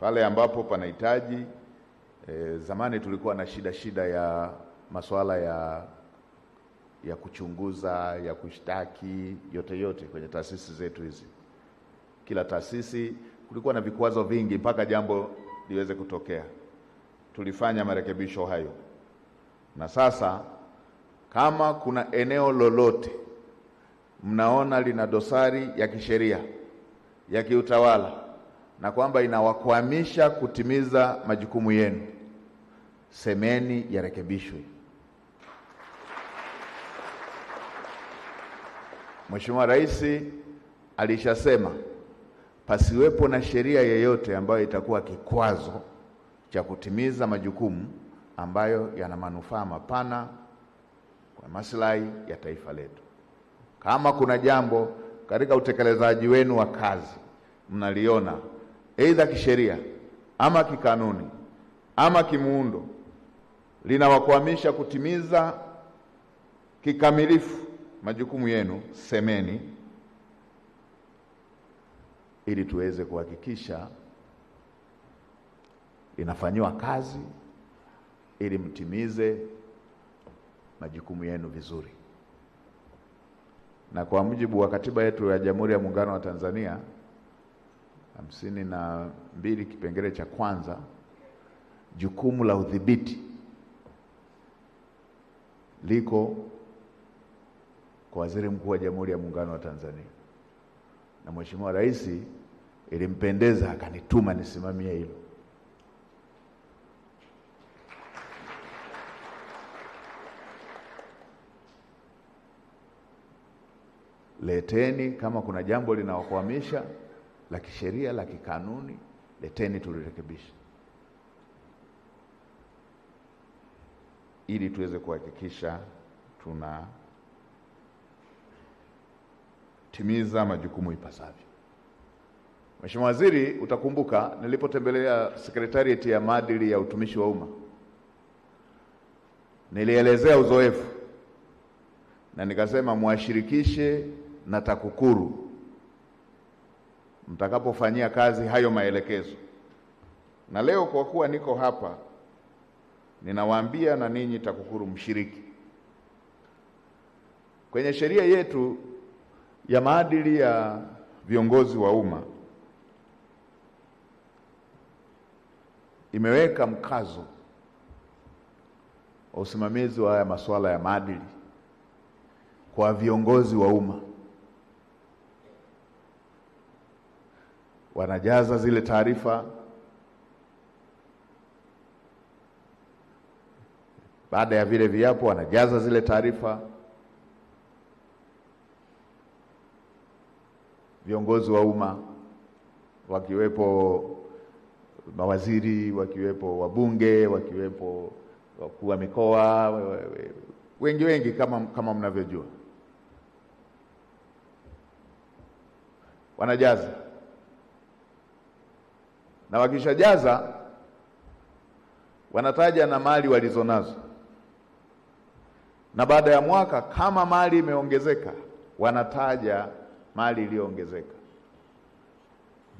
pale ambapo panahitaji. E, zamani tulikuwa na shida shida ya masuala ya ya kuchunguza ya kushtaki yote yote kwenye taasisi zetu hizi. Kila taasisi kulikuwa na vikwazo vingi mpaka jambo liweze kutokea. Tulifanya marekebisho hayo, na sasa kama kuna eneo lolote mnaona lina dosari ya kisheria ya kiutawala na kwamba inawakwamisha kutimiza majukumu yenu, semeni yarekebishwe. Mheshimiwa Rais alishasema pasiwepo na sheria yeyote ambayo itakuwa kikwazo cha kutimiza majukumu ambayo yana manufaa mapana kwa maslahi ya taifa letu. Kama kuna jambo katika utekelezaji wenu wa kazi mnaliona aidha kisheria ama kikanuni ama kimuundo linawakwamisha kutimiza kikamilifu majukumu yenu, semeni ili tuweze kuhakikisha inafanyiwa kazi ili mtimize majukumu yenu vizuri. Na kwa mujibu wa katiba yetu ya Jamhuri ya Muungano wa Tanzania hamsini na mbili kipengele cha kwanza, jukumu la udhibiti liko kwa Waziri Mkuu wa Jamhuri ya Muungano wa Tanzania, na Mheshimiwa Rais ilimpendeza akanituma nisimamie hilo. Leteni kama kuna jambo linawakwamisha la kisheria la kikanuni, leteni tulirekebisha, ili tuweze kuhakikisha tunatimiza majukumu ipasavyo. Mheshimiwa Waziri, utakumbuka nilipotembelea sekretarieti ya maadili ya utumishi wa umma nilielezea uzoefu na nikasema mwashirikishe na TAKUKURU mtakapofanyia kazi hayo maelekezo. Na leo kwa kuwa niko hapa, ninawaambia na ninyi TAKUKURU mshiriki kwenye sheria yetu ya maadili ya viongozi wa umma imeweka mkazo wa usimamizi wa haya masuala ya maadili kwa viongozi wa umma. wanajaza zile taarifa. Baada ya vile viapo, wanajaza zile taarifa. Viongozi wa umma wakiwepo mawaziri, wakiwepo wabunge, wakiwepo wakuu wa mikoa, wengi wengi, kama kama mnavyojua, wanajaza na wakishajaza wanataja na mali walizonazo, na baada ya mwaka kama mali imeongezeka wanataja mali iliyoongezeka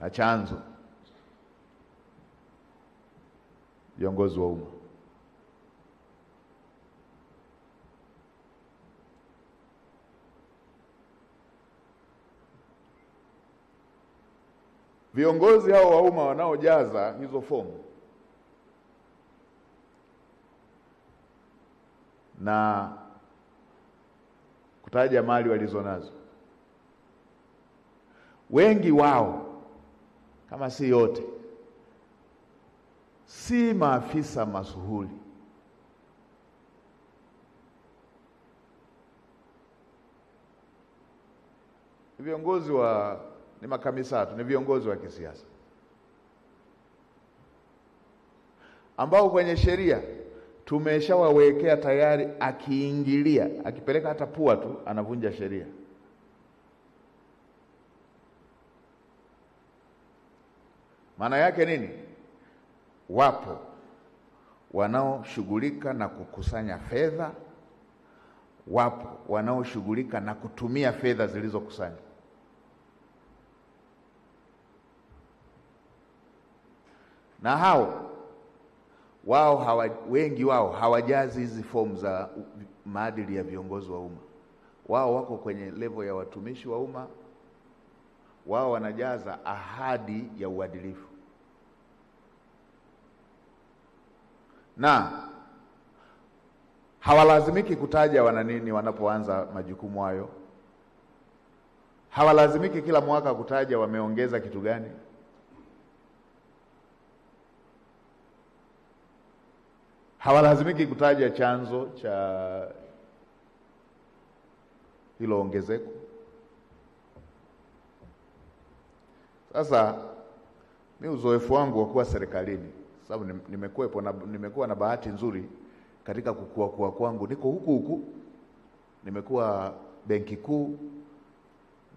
na chanzo. Viongozi wa umma viongozi hao wa umma wanaojaza hizo fomu na kutaja mali walizonazo, wengi wao kama si yote, si maafisa masuhuli. Viongozi wa ni makamisatu, ni viongozi wa kisiasa ambao kwenye sheria tumeshawawekea tayari, akiingilia akipeleka hata pua tu anavunja sheria. Maana yake nini? Wapo wanaoshughulika na kukusanya fedha, wapo wanaoshughulika na kutumia fedha zilizokusanywa. na hao wao hawa, wengi wao hawajazi hizi fomu za maadili ya viongozi wa umma. Wao wako kwenye levo ya watumishi wa umma, wao wanajaza ahadi ya uadilifu na hawalazimiki kutaja wana nini wanapoanza majukumu hayo. Hawalazimiki kila mwaka kutaja wameongeza kitu gani. hawalazimiki kutaja chanzo cha hilo ongezeko. Sasa mi uzoefu wangu wa kuwa serikalini, sababu nimekuwepo na nimekuwa na bahati nzuri katika kukua kuwa kwangu, niko huku huku, nimekuwa Benki Kuu,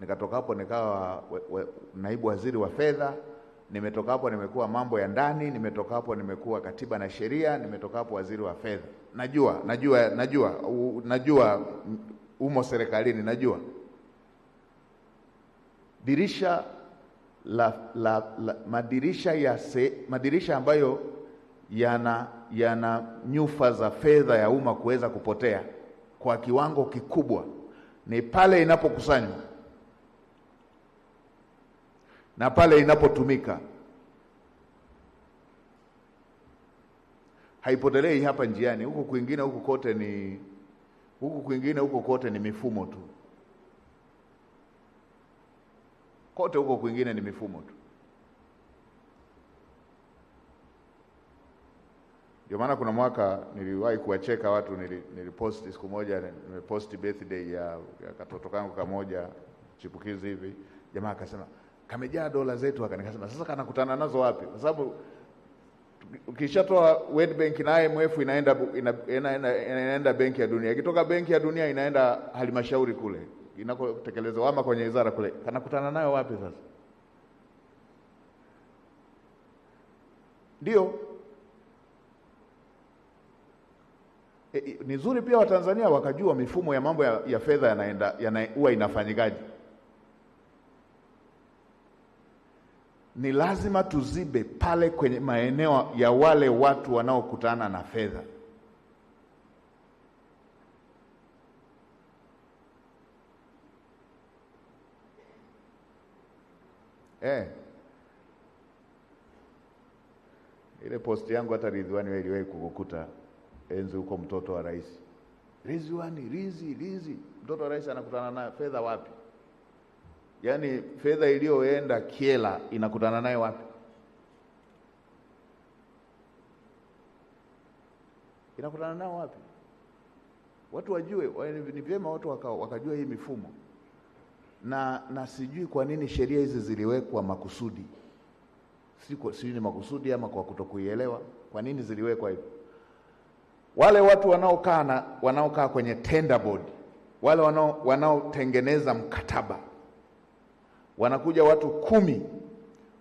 nikatoka hapo nikawa naibu waziri wa fedha nimetoka hapo nimekuwa mambo ya ndani, nimetoka hapo nimekuwa katiba na sheria, nimetoka hapo waziri wa fedha. Najua, najua, najua, u, najua umo serikalini, najua dirisha la, la, la, madirisha ya se, madirisha ambayo yana yana nyufa za fedha ya umma kuweza kupotea kwa kiwango kikubwa ni pale inapokusanywa na pale inapotumika haipotelei hapa njiani. Huku kwingine huku kote ni huku kwingine huko kote ni mifumo tu, kote huko kwingine ni mifumo tu. Ndio maana kuna mwaka niliwahi kuwacheka watu, niliposti siku moja, niliposti birthday ya, ya katoto kangu kamoja chipukizi hivi, jamaa akasema kamejaa dola zetu haka. Nikasema sasa kanakutana nazo wapi? Kwa sababu ukishatoa World Bank na IMF inaenda, inaenda, inaenda benki ya dunia, ikitoka benki ya dunia inaenda halmashauri kule inakotekelezwa ama kwenye wizara kule, kanakutana nayo wapi sasa? Ndio e, ni nzuri pia Watanzania wakajua mifumo ya mambo ya, ya fedha yanaenda huwa ya inafanyikaje. ni lazima tuzibe pale kwenye maeneo ya wale watu wanaokutana na fedha. Eh, ile posti yangu hata Ridhiwani wewe iliwahi kukukuta enzi huko, mtoto wa rais Ridhiwani, Rizi Rizi, mtoto wa rais anakutana na fedha wapi? yaani fedha iliyoenda kiela inakutana naye wapi? Inakutana nao wapi? Watu wajue, ni vyema watu wakajua hii mifumo na, na sijui kwa nini sheria hizi ziliwekwa makusudi, sijui ni makusudi ama kwa kutokuielewa. Kwa nini ziliwekwa hivyo? Wale watu wanaokaa wanaokaa kwenye tender board, wale wanaotengeneza mkataba wanakuja watu kumi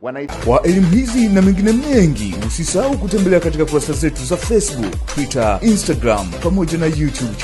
wanaita. Kwa elimu hizi na mengine mengi, usisahau kutembelea katika kurasa zetu za Facebook, Twitter, Instagram pamoja na YouTube.